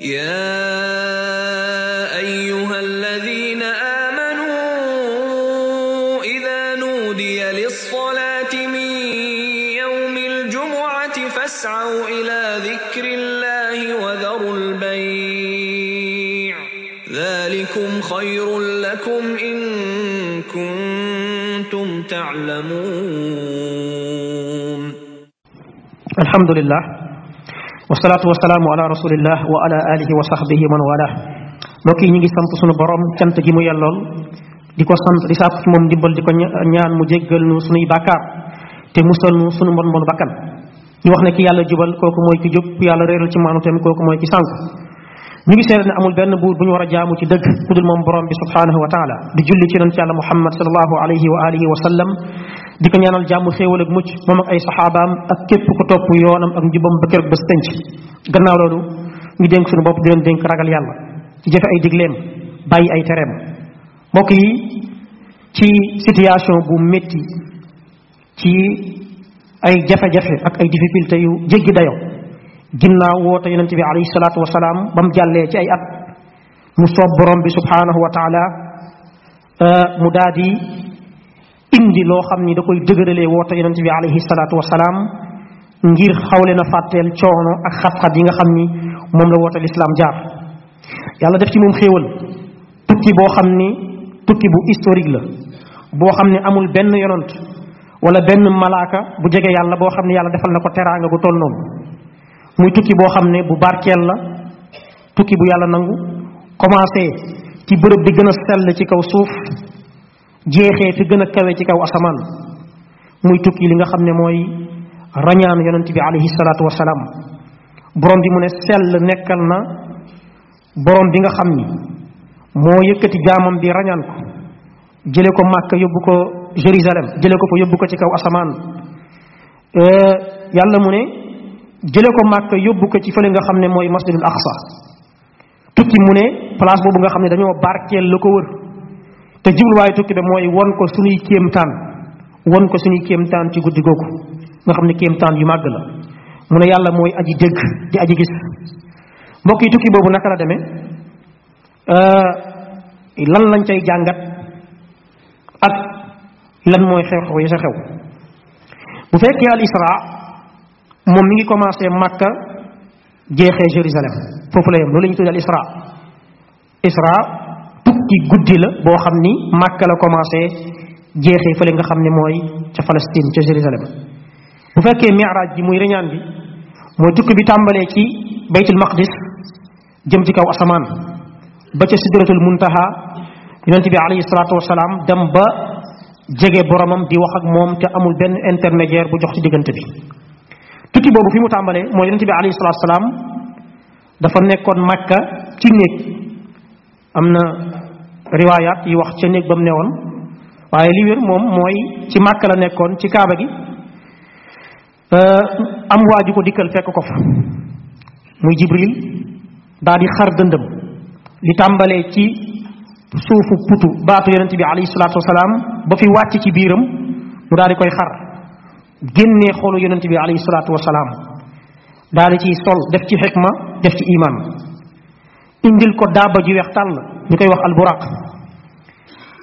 يا أيها الذين آمنوا إذا نودي للصلاة من يوم الجمعة فاسعوا إلى ذكر الله وذروا البيع ذلكم خير لكم إن كنتم تعلمون الحمد لله wasalaatu wasalaamu ala rasulillah wa ala alihi wa sahbihi man wala mbokk yi ñu ngi sant suñu borom cant gi mu yellool di ko sant di sàkku ci moom ndimbal di ko ñaan mu jéggal nu suñuy bàkkaar te musal nu suñu mbon mbonu bakkan ñu wax ne ki yàlla jubal kooku mooy ki jub yàlla réeral ci maanu tamit kooku mooy ki sànq ñu ngi seede ne amul benn buur bu ñu war a jaamu ci dëgg ku dul moom borom bi subhanahu wa taala di julli ci yonent yàlla muhammad sallallahu alayhi wa alihi wa sallam di ñaanal jàmm xéewal ak mucc moom ak ay saxaabaam ak képp ku topp yoonam ak njubam ba keroog ba sënc gannaaw loolu ñu dénk suñu bopp di leen ragal yàlla ci jëfe ay digleem bàyyi ay tereem mbokk yi ci situation bu métti ci ay jafe-jafe ak ay difficulté yu jéggi dayo ginnaaw woote yonent bi alayhi salaatu wasalaam ba mu jàllee ci ay at mu soob borom bi subhaanahu wa taala euh, mu daadi indi loo xam ni da koy dëgëralee woote yonente bi alayhi salaatu wasalaam ngir xawle na fàtteel coono ak xat-xat yi nga xam ni moom la woote lislaam jaar yàlla def ci moom xéewal tukki boo xam ni tukki bu historique la boo xam ne amul benn yonant wala benn malaaka bu jege yàlla boo xam ne yàlla defal na ko teraanga gu toll noonu muy tukki boo xam ne bu barkeel la tukki bu yàlla nangu commencé ci bërëb bi gën a sell ci kaw suuf jeexee fi gën a kawe ci kaw asamaan muy tukki li nga xam ne mooy rañaan yonent bi alayhi salaatu wasalaam borom bi mu ne sell nekkal na borom bi nga xam ni moo yëkkati jaamam bi ràññaan ko jële ko Màkka yóbbu ko Jérusalem jële ko fa yóbbu ko ci kaw asamaan euh, yàlla mu ne jële ko Màkka yóbbu ko ci fële nga xam ne mooy masjidul aqsa tukki mu ne place boobu nga xam ne dañoo barkeel la te jubluwaayu tukki bi mooy won ko suñuy kéemtaan won ko suñuy kéemtaan ci guddi googu nga xam ne kéemtaan yu màgg la mu ne yàlla mooy aji dégg di aji gis mbokk yi tukki boobu naka la demee euh, lan lañ cay jàngat ak lan mooy xew-xew yi sa xew bu fekkee al isra moom mi ngi commencé Makka jeexee Jérusalem foofu la yem loolu la al isra tukki guddi la boo xam ni Màkka la commencé jeexee fële nga xam ni mooy ca Palestine ca Jérusalem bu fekkee miraaj bi muy reñaan bi mooy tukki bi tàmbalee ci baytul maqdis jëm ci kaw asamaan ba ca sidratul muntaha yonente bi alayhi salaatu wasalaam dem ba jege boromam di wax ak moom te amul benn intermédiaire bu jox ci diggante bi tukki boobu fi mu tàmbalee mooy yonente bi alayhi salaatu dafa nekkoon Màkka ci néeg am na riwaayaat yi wax ca néeg ba mu newoon waaye li wér moom mooy ci màkk la nekkoon ci kaaba gi euh, am waaju ko dikkal fekk ko fa muy jibril daal di xar dëndëm li tàmbalee ci suufu putu baatu yonent bi alayhi salaatu wasalaam ba fi wàcc ci biiram mu daal di koy xar génnee xoolu yonent bi alayhi salaatu wasalaam daal di ciy sol def ci xikma def ci iman indil ko daaba ji weex tàll ñu koy wax alburaq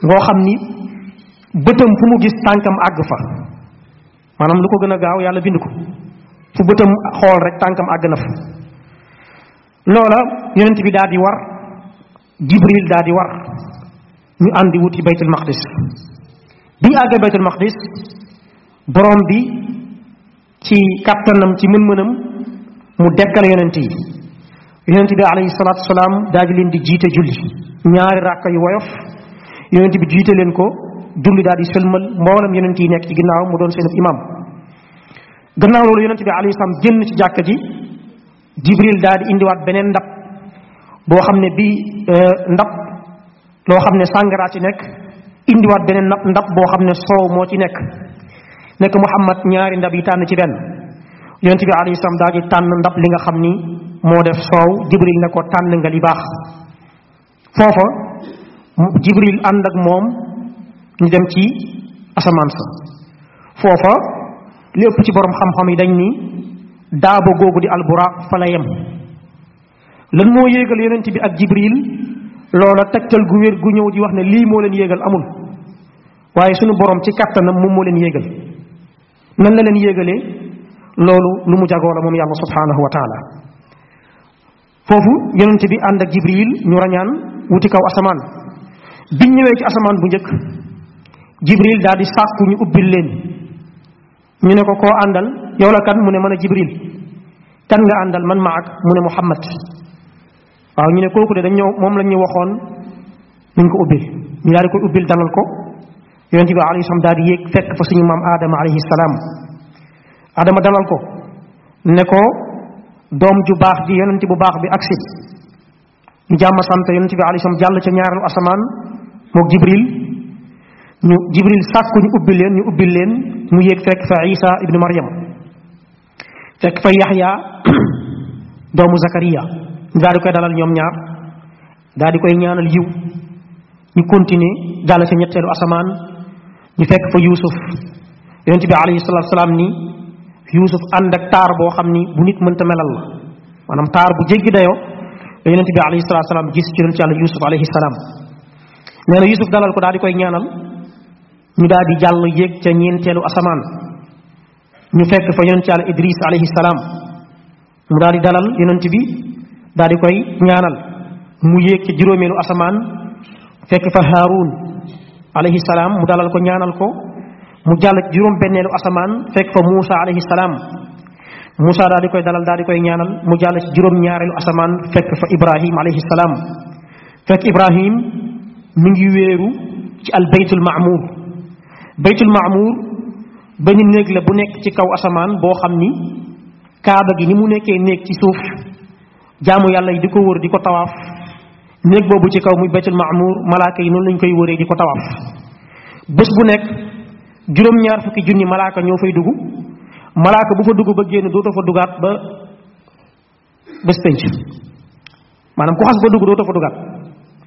ngoo xam ni bëtam fu mu gis tànkam àgg fa maanaam lu ko gën a gaaw yàlla bind ko fu bëtam xool rek tànkam àgg na fa loola yonent bi daal di war jibril daal di war ñu àndi wuti baytul maqdis bi ñu àggee baytul maqdis borom bi ci kàttanam ci mën-mënam mu dekkal yonent yi yonent bi alayhi salaatu salaam daal di di jiite julli ñaari ràkka yu woyof yonent bi jiite leen ko julli daal di sëlmal mboolam yonent yi nekk ci ginnaaw mu doon seen imam gannaaw loolu yonent bi alayhi salaam génn ci jàkka ji jibril daal di indiwaat beneen ndab boo xam ne bii euh, ndab loo xam ne sàngara ci nekk indiwaat beneen ndab boo xam ne soow moo ci nekk nekk muhammad ñaari ndab yi tànn ci benn yonent bi alayhi daal tànn ndab li nga xam ni moo def soow jibril ne ko tànn nga li baax foofa jibril ànd ak moom ñu dem ci asamaan sa ci borom xam yi dañ ni daaba googu di alburaaq fa yem lan moo yéegal yonent bi ak jibril loola tegtal gu wér gu ñëw di wax ne lii moo leen yéegal amul waaye sunu boroom ci kàttanam moom moo leen yéegal nan la leen yéegalee loolu lu mu jagoo la moom yàlla subhaanahu wa taala foofu yonent bi ànd ak jibril ñu rañaan wuti kaw asamaan biñ ñëwee ci asamaan bu njëkk jibril daal di sàkku ñu ubbil leen ñu ne ko ko àndal yow la kan mu ne mën a jibril kan nga àndal man ma ak mu ne muhammad waaw ñu ne kooku de dañ ñëw moom lañ ñu waxoon ñu ko ubbil ñu daal koy ubbil dalal ko yonent bi alayhi salaam daal di yéeg fekk fa suñu maam aadama alayhi salaam adama dalal ko ne ko doom ju baax ji yonent bu baax bi agsi ñu jàmm sant yonent bi alayhi salaam jàll ca ñaareelu asamaan mook jibril ñu jibril sàkku ñu ubbi leen ñu ubbi leen mu yéeg fekk fa isa ibnu maryam fekk fa yaxya doomu zakariya ñu koy dalal ñoom ñaar daal koy ñaanal yiw ñu continuer jàll ca ñetteelu asamaan ñu fekk fa yuusuf yonent bi alayhi salaatu salaam ni Yuusuf ànd ak taar boo xam ni bu nit mënta melal la maanaam taar bu jéggi dayoo la yonent bi alayhi salaatu salaam gis ci yonent yàlla Yuusuf alayhi salaam nee dalal ko daal di koy ñaanal ñu daal di jàll yéeg ca ñeenteelu asamaan ñu fekk fa yonent yàlla Idris alayhi salaam mu daal di dalal yonent bi daal di koy ñaanal mu yéeg ca juróomeelu asamaan fekk fa Haarun alayhi salaam mu dalal ko ñaanal ko. mu jàll juróom benneelu asamaan fekk fa Muusa alayhi salaam Muusa daal di koy dalal daal di koy ñaanal mu jàll ci juróom ñaareelu asamaan fekk fa Ibrahim alayhi salaam fekk Ibrahim mi ngi wéeru ci al baytul maamuur baytul benn néeg la bu nekk ci kaw asamaan boo xam ni kaaba gi ni mu nekkee néeg ci suuf jaamu yàlla yi di ko wër di ko tawaaf néeg boobu ci kaw muy baytul maamuur malaaka yi noonu lañ koy wëree di ko tawaaf bés bu nekk juróom-ñaar fukki junni malaaka ñoo fay dugg malaaka bu fa dugg ba génn dootoo fa dugaat ba bés maanaam ku xas ba dugg dootoo fa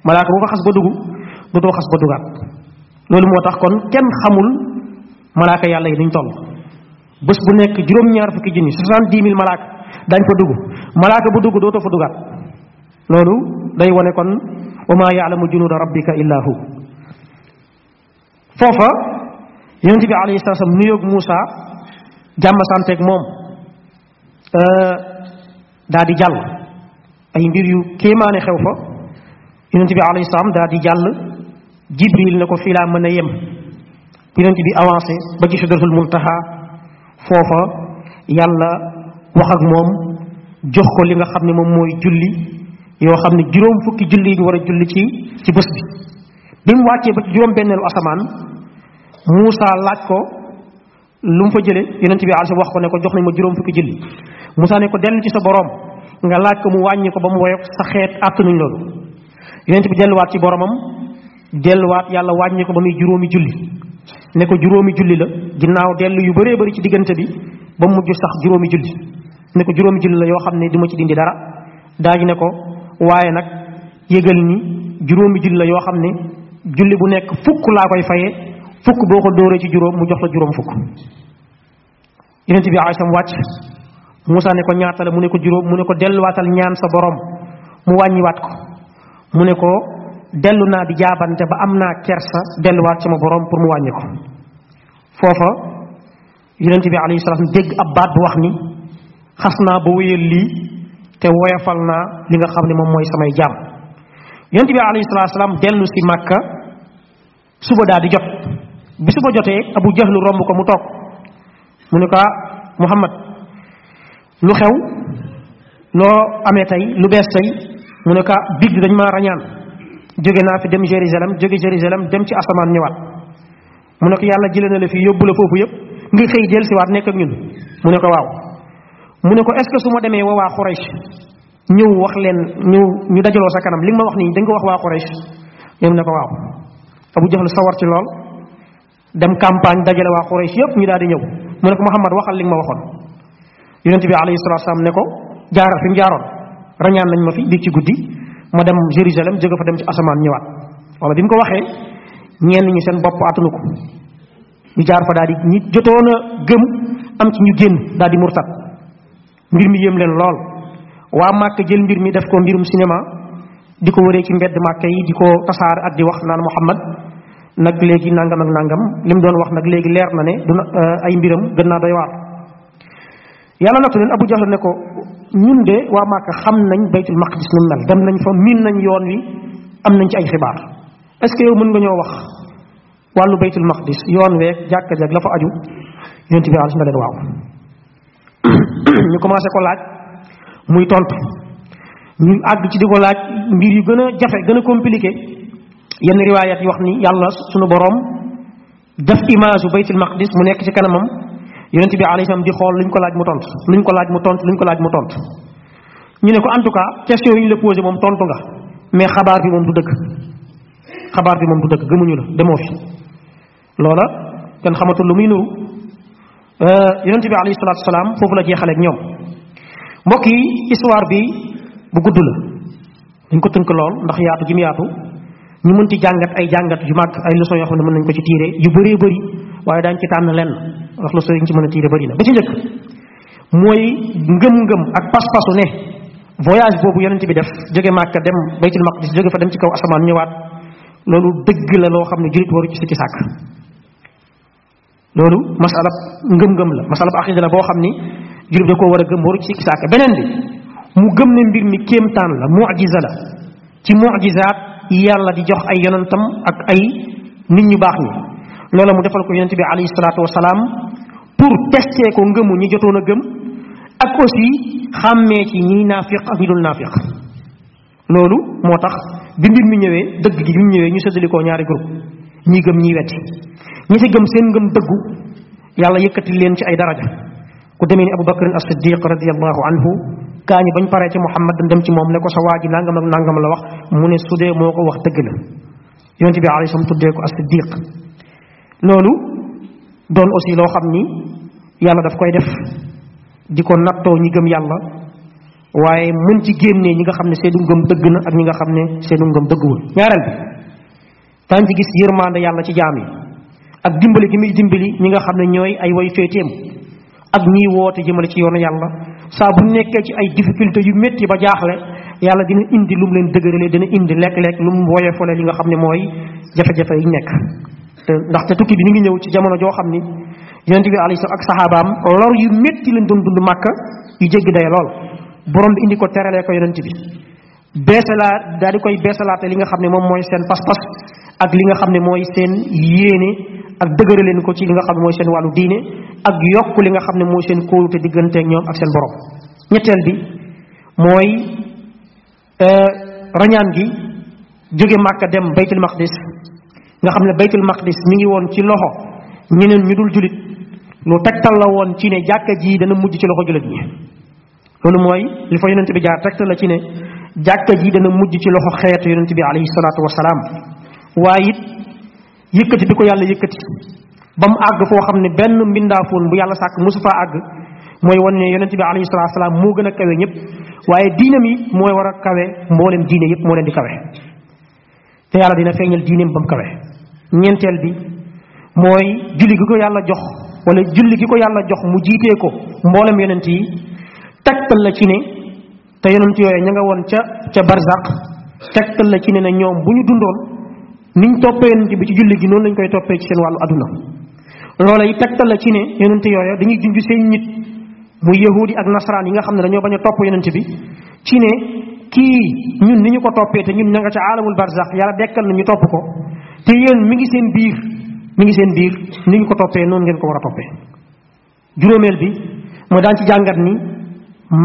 malaaka bu ko xas ba dugg dootoo xas ba dugaat loolu moo tax kon kenn xamul malaaka yàlla yi niñ toll bés bu nekk juróom-ñaar fukki junni soixante-dix mille malaaka dañ fa dugg malaaka bu dugg dootoo fa dugaat loolu day wone kon wa maa yaalamu junuuda rabbika illaa hu foofa yonent bi alayhi salaam nuyoog Moussa jàmm santeeg moom euh, daa di jàll ay mbir yu kéemaane xew fa yonent bi alayhi salaam daa di jàll Jibril na ko fii laa mën a yem yonent bi avancé ba ci sidratul muntaha foofa yàlla wax moom jox ko li nga xam ne moom mooy julli yoo xam ne juróom fukki julli yi war a julli ci ci bés bi bi mu wàccee ba juróom benneelu asamaan Moussa laaj ko lu mu fa jële yonent bi alsa wax ko ne ko jox nañ ma juróom fukki jëli Moussa ne ko dellu ci sa borom nga laaj ko mu wàññi ko ba mu woyof sa xeet àttanuñ loolu yonent bi delluwaat ci boromam delluwaat yàlla wàññi ko ba muy juróomi julli ne ko juróomi julli la ginnaaw dellu yu bëree bëri ci diggante bi ba mu mujj sax juróomi julli ne ko julli la yoo xam ne du ci dindi dara daaji ne ko waaye nag yëgal ni juróomi julli la yoo xam ne julli bu nekk fukk laa koy fayee fukk boo ko dóoree ci juróom mu jox la juróom fukk yonent bi alayhi salaam wàcc ko ñaata la mu ne juróom mu ne ko delluwaatal ñaan sa borom mu wàññiwaat ko mu ne ko dellu naa di jaabante ba am naa kersa delluwaat sama borom pour mu wàññi ko foofa yonent bi alayhi salaam dégg ab baat wax ni naa ba wéyal lii woyafal naa li nga xam ne moom mooy samay jaam yonent bi alayhi salaam dellu si Màkka suba daal di jot. bi su ba jotee abu jahlu romb ko mu toog mu ne ko ah, muhammad lu xew loo amee tey lu bees tey mu ne ko ah, bigg dañ ma rañaan jóge naa fi dem Jérusalem jóge Jérusalem dem ci asamaan ñëwaat mu ne ko yàlla jëlee na la fii yóbbu la foofu yëpp ngir xëy del siwaat nekk ak ñun mu ne ko waaw mu ne ko est-ce que su ma demee wa waa Quraysh ñëw wax leen ñëw ñu dajaloo sa kanam li ma wax nii dañ ko wax waa Quraysh ñoom ne ko waaw abu jahlu sawar ci lool dem campagne dajale waa Quraysh yëpp ñu daal di ñëw mu ne ko Muhammad waxal li nga ma waxoon yonent bi alayhi salaatu salaam ne ko jaaral fi mu jaaroon rañaan nañ ma fi biig ci guddi ma dem Jérusalem jóge fa dem ci asamaan ñëwaat wala bi mu ko waxee ñenn ñi seen bopp attanu ko ñu jaar fa daal di ñi jotoon a gëm am ci ñu génn daal di mbir mi yéem leen lool waa Màkka jël mbir mi def ko mbirum sinema di ko wëree ci mbedd Màkka yi di ko tasaare ak di wax naan Muhammad nag léegi nangam ak nangam li mu doon wax nag léegi leer na ne du eh, ay mbiram gën naa doy waar yàlla nattu leen abu jahl ne ko ñun de waa Màkka xam nañ baytul maqdis lu mel dem nañ fa miin nañ yoon wi am nañ ci ay xibaar est ce que yow mën nga ñoo wax wàllu baytul maqdis yoon weeg jàkka jag la fa aju yonent bi alis na waaw ñu commencé ko laaj muy tontu ñu àgg ci di ko laaj mbir yu gën a jafe gën a compliqué yenn riwaayat yi wax ni yàlla sunu borom def image bu baytul maqdis mu nekk ci kanamam yonent bi alayhi salaam di xool luñ ko laaj mu tontu luñ ko laaj mu tontu luñ ko laaj mu tontu ñu ne ko en tout cas question yi ñu la posé moom tontu nga mais xabaar bi moom du dëgg xabaar bi moom du dëgg gëmuñu la demoo fi loola kenn xamatul lu muy nuru euh, yonent bi alayhi salaatu salaam foofu la jeexaleeg ñoom mbokk yi histoire bi bu gudd la dañ ko tënk lool ndax yaatu gi mu yaatu. ñu mën ci jàngat ay jàngat yu màgg ay leçon yoo xam ne mën nañ ko ci tiire yu bëree bëri waaye daañ ci tànn lenn wax leçon yi ci mën a tiire bëri na ba ci njëkk mooy ngëm-ngëm ak pas ne voyage boobu yonent bi def jóge Màkka dem baytul maqdis jóge fa ci kaw asamaan ñëwaat loolu dëgg loo xam ne jurit waru ci sikki sàkk loolu ngëm-ngëm la masalab aqida la boo xam ni jurit da war a gëm waru ci sikki sàkk beneen bi mu gëm ne mbir mi kéemtaan la mujiza la ci mujizaat yi yàlla di jox ay yonentam ak ay nit ñu baax ñi loola mu defal ko yonent bi alayhi salaatu wasalaam pour tester ko ngëmu ñi jotoon a gëm ak aussi xàmmee ci ñiy naafiq ak ñi dul naafiq loolu moo tax bi mbir mi ñëwee dëgg gi bi mu ñëwee ñu séddalikoo ñaari groupe ñi gëm ñiy wetti ñi ci gëm seen gëm dëggu yàlla yëkkati leen ci ay daraja ku demee ni Abu Bakr as-Siddiq radiyallahu anhu kaa gaañi bañ paree ci Muhammad dem ci moom ne ko sa waa ji nangam ak la wax mu ne su moo ko wax dëgg la yonent bi alayhi salaam tuddee ko as-siddiq loolu doon aussi loo xam ni yàlla daf koy def di ko nattoo ñi gëm yàlla waaye mën ci génnee ñi nga xam ne seenu ngëm dëgg na ak ñi nga xam ne seenu ngëm dëgguwul ñaareel bi daañu ci gis yërmande yàlla ci jaam ak dimbali gi muy dimbali ñi nga xam ne ñooy ay way féeteem ak ñiy woote jëmale ci yoonu yàlla saa bu nekkee ci ay difficulté yu métti ba jaaxle yàlla dina indi lu mu leen dëgërale dina indi lekk-lekk lu mu woyofale li nga xam ne mooy jafe-jafe yi nekk te ndaxte tukki bi ni ngi ñëw ci jamono joo xam ni yonente bi alayhi salaam ak saxaabaam lor yu métti leen doon dund màkk yu jéggi day lool borom bi indi ko teralee ko yonente bi beesalaat daal di koy beesalaate li nga xam ne moom mooy seen pas-pas ak li nga xam ne mooy seen yéene ak dëgëra leen ko ci li nga xam ne mooy seen wàllu diine ak yokk li nga xam ne mooy seen kóolute diggante ak ñoom ak seen borom ñetteel bi mooy euh, rañaan gi jóge Màkka dem baytul maqdis nga xam ne baytul maqdis mi ngi woon ci loxo ñeneen ñu dul julit lu tegtal la woon ci ne jàkka ji dana mujj ci loxo julit ñi loolu mooy li fa yonent bi jaar tegtal la ci ne jàkka ji dana mujj ci loxo xeetu yonent bi alayhi salaatu wasalaam waaye it yëkkati bi ko yàlla yëkkati ba mu àgg foo xam ne benn mbindaafoon bu yàlla sàkk mosu faa àgg mooy won ne yonent bi alayhi salaatu salaam moo gën a kawe ñëpp waaye diinam yi mooy war a kawe mboolem diine yëpp moo leen di kawe te yàlla dina feeñal diineem ba mu kawe ñeenteel bi mooy julli gi ko yàlla jox wala julli gi ko yàlla jox mu jiitee ko mboolem yonent yi tegtal la ci ne te yonent yooyu ña nga won ca ca barzaq tegtal la ci ne na ñoom bu ñu dundoon niñ toppee yonent bi ci julli gi noonu lañ koy toppee ci seen wàllu aduna loola yi tegtal la ci ne yonent yooya dañuy junj seen nit muy yahudi ak nasaraan yi nga xam ne dañoo bañ a topp yonent bi ci ne kii ñun ni ñu ko toppee te ñun ña nga ca aalamul barzax yàlla dekkal na ñu topp ko te yéen mi ngi seen biir mi ngi seen biir ni ñu ko toppee noonu ngeen ko war a toppee juróomeel bi moo daan ci jàngat ni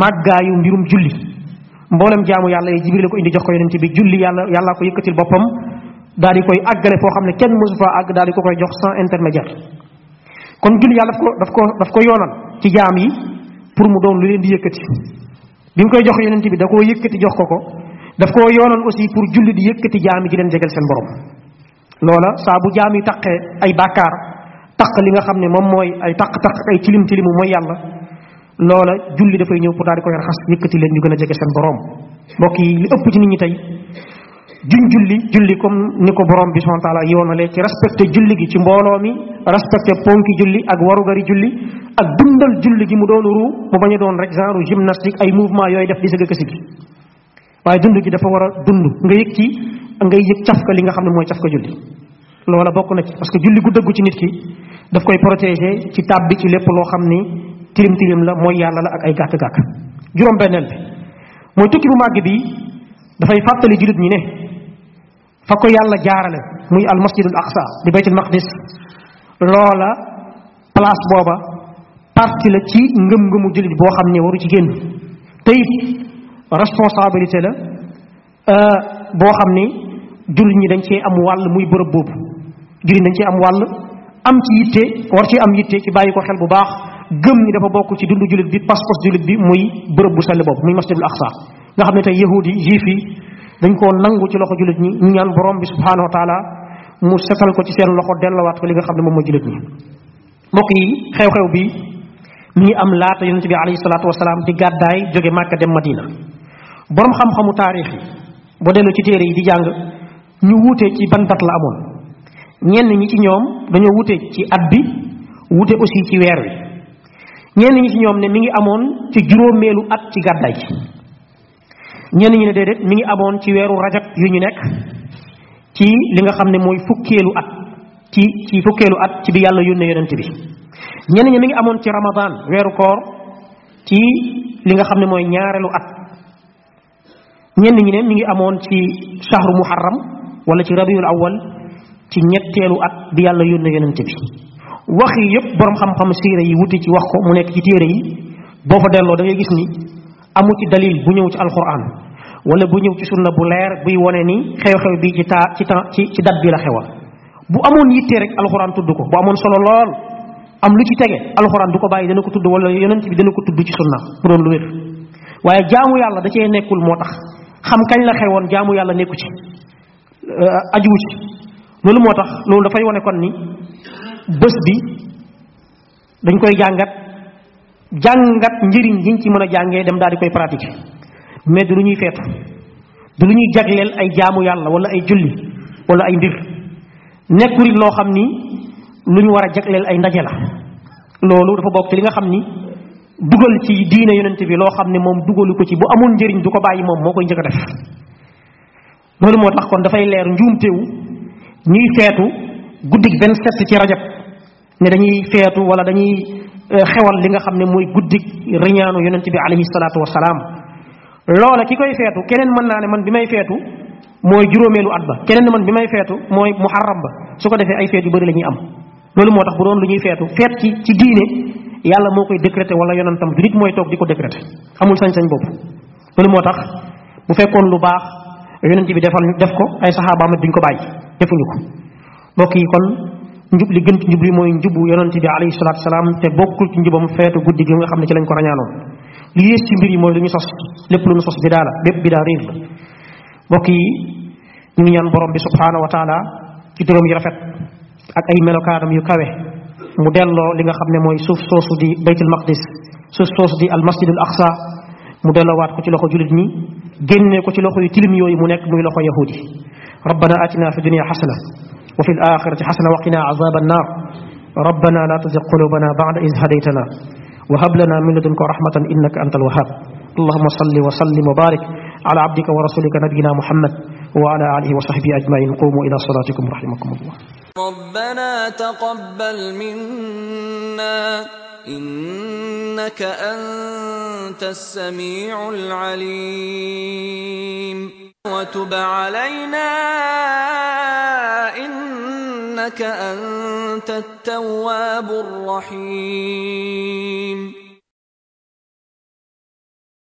màggaayu mbirum julli mboolem jaamu yàlla yi ko indi jox ko julli yàlla yàllaa ko yëkkatil boppam daal di koy àggale foo xam ne kenn mësu faa àgg daal di ko koy jox sans intermédiaire kon julli yàlla daf ko daf ko daf ko yoonal ci jaam yi pour mu doom lu leen di yëkkati bi mu koy jox yonent bi da koo yëkkati jox ko ko daf koo yoonal aussi pour julli di yëkkati jaam yi di leen jegal seen borom loola saa bu jaam yi taqee ay bàkkaar taq li nga xam ne moom mooy ay taq-taq ay tilim tilimu mooy yàlla loola julli dafay ñëw pour daal di koy raxas yëkkati leen ñu gën a seen borom mbokk yi ëpp ci nit ñi tey juñ julli julli comme ni ko borom bi subhanahu wa taala yoonale ci respecté julli gi ci mbooloo mi respecté ponki julli ak warugari julli ak dundal julli gi mu doon ruu mu bañ a doon rek genre gymnastique ay mouvement yooyu def di sëgg kësi bi waaye dund gi dafa war a dund nga yëg ci ngay yëg cafka li nga xam ne mooy cafka julli loola bokk na ci parce que julli gu dëggu ci nit ki daf koy protéger ci tàbbi ci lépp loo xam ni tilim tilim la mooy yàlla la ak ay gàkk-gàkk juróom benneel bi dafay fàttali jullit ñi ne fa ko yàlla jaarale muy al masjidul aqsa di baytul maqdis loola place booba partie la ci ngëm-ngëmu jullit boo xam ne waru ci génn tey it responsabilité la euh, boo xam ni jullit ñi dañ cee am wàll muy bërëb boobu jullit dañ ci am wàll am ci yitte war ci am yitte ci bàyyi ko xel bu baax gëm ni dafa bokk ci dundu jullit bi pas-pas jullit bi muy bërëb bu sell boobu muy masjidul aqsa nga xam ne tey yahuud yi juif yi dañ koo nangu ci loxo jullit ñi ñu ñaan borom bi subhaanahu wa taala mu setal ko ci seen loxo dellowaat ko li nga xam ne moom mooy jullit ñi mbokk yi xew-xew bi mu ngi am laata yonente bi alayhi salaatu wasalaam di gàddaay jóge màkka dem madina borom xam-xamu taarix boo dellu ci téere yi di jàng ñu wuute ci ban dat la amoon ñenn ñi ci ñoom dañoo wuute ci at bi wuute aussi ci weer wi ñenn ñi ci ñoom ne mi ngi amoon ci juróomeelu at ci gàddaay ñenn ñu ne déedéet mi ngi amoon ci weeru rajab yu ñu nekk ci li nga xam ne mooy fukkeelu at ci ci fukkeelu at ci bi yàlla yónnee yonent bi ñenn ñi mi ngi amoon ci ramadan weeru koor ci li nga xam ne mooy ñaareelu at ñenn ñi ne mi ngi amoon ci shahru muharram wala ci rabiul awal ci ñetteelu at bi yàlla yónnee yonent bi wax yi yëpp boroom xam-xam siira yi wuti ci wax ko mu nekk ci téere yi boo fa delloo da gis ni amu ci dalil bu ñëw ci alquran wala bu ñëw ci sunna bu leer buy wone ni xew-xew bi ci taa ci temps ci ci bi la xewa bu amoon yitte rek alquran tudd ko bu amoon solo lool am lu ci tege alxuraan du ko bàyyi dana ko tudd wala yonent bi dana ko tudd ci sunna bu doon lu wér waaye jaamu yàlla da cee nekkul moo tax xam kañ la xewoon jaamu yàlla nekku ci euh, ajuwu ci loolu moo tax loolu dafay wane kon ni bés bi dañ koy jàngat jàngat njëriñ liñ ci mën a jàngee dem daal di koy pratiquer lu ñuy feetu du lu ñuy jagleel ay jaamu yàlla wala ay julli wala ay mbir nekkul loo xam ni lu ñu war a jagleel ay ndaje la loolu dafa bokk li nga xam ni dugal ci diine yonent bi loo xam ne moom dugalu ko ci bu amul njëriñ du ko bàyyi moom moo koy njëkk a moo tax kon dafay leer njuumtewu ñuy feetu guddik 27 ci rajab ne dañuy feetu wala dañuy Euh, xewal li nga xam ne mooy guddik riñaanu yonent bi alayhi salaatu wasalaam loola ki koy feetu keneen mën naa ne man bi may feetu mooy juróomeelu at ba keneen man bi may feetu mooy muharram ba su ko defee ay feet yu bëri la ñuy am loolu moo tax bu doon lu ñuy feetu feet ci ci diine yàlla moo koy décrété wala yonentam du nit mooy toog di ko décrété amul sañ-sañ boobu loolu moo tax bu fekkoon lu baax yonent bi defal def ko ay saxaabaam duñ ko bàyyi defuñu ko mbokk yi kon njub li gën ci njub mooy njubu yonent bi alayhi salaatu salaam te bokkul ci njubam feetu guddi gi nga xam ne ci lañ ko rañaanoon li yées ci mbir yi mooy lu ñu sos lépp lu ñu sos bidaa la bépp bidaa réer la mbokk yi ñu ngi bi subhaanahu wa taala ci turam yu rafet ak ay melokaanam yu kawe mu delloo li nga xam ne mooy suuf soosu di baytul maqdis suuf soosu di al masjidul aqsa mu delloowaat ko ci loxo jullit ñi génnee ko ci loxo yu tilim yooyu mu nekk muy loxo yahudi rabbana atina fi dunia xasana wa fi al-aaxirati xasana wa qina azaaba annaar rabbana laa tuzig qulubana ba'da iz hadaytana wa hab lana min ladunka rahmatan innaka anta al-wahhaab allahumma salli wa sallim wa baarik ala abdika wa rasulika nabiyina muhammad wa ala alihi wa sahbihi ajmain qumu ila salatikum rahimakumullah ربنا تقبل منا إنك أنت السميع العليم وتب علينا إنك أنت التواب الرحيم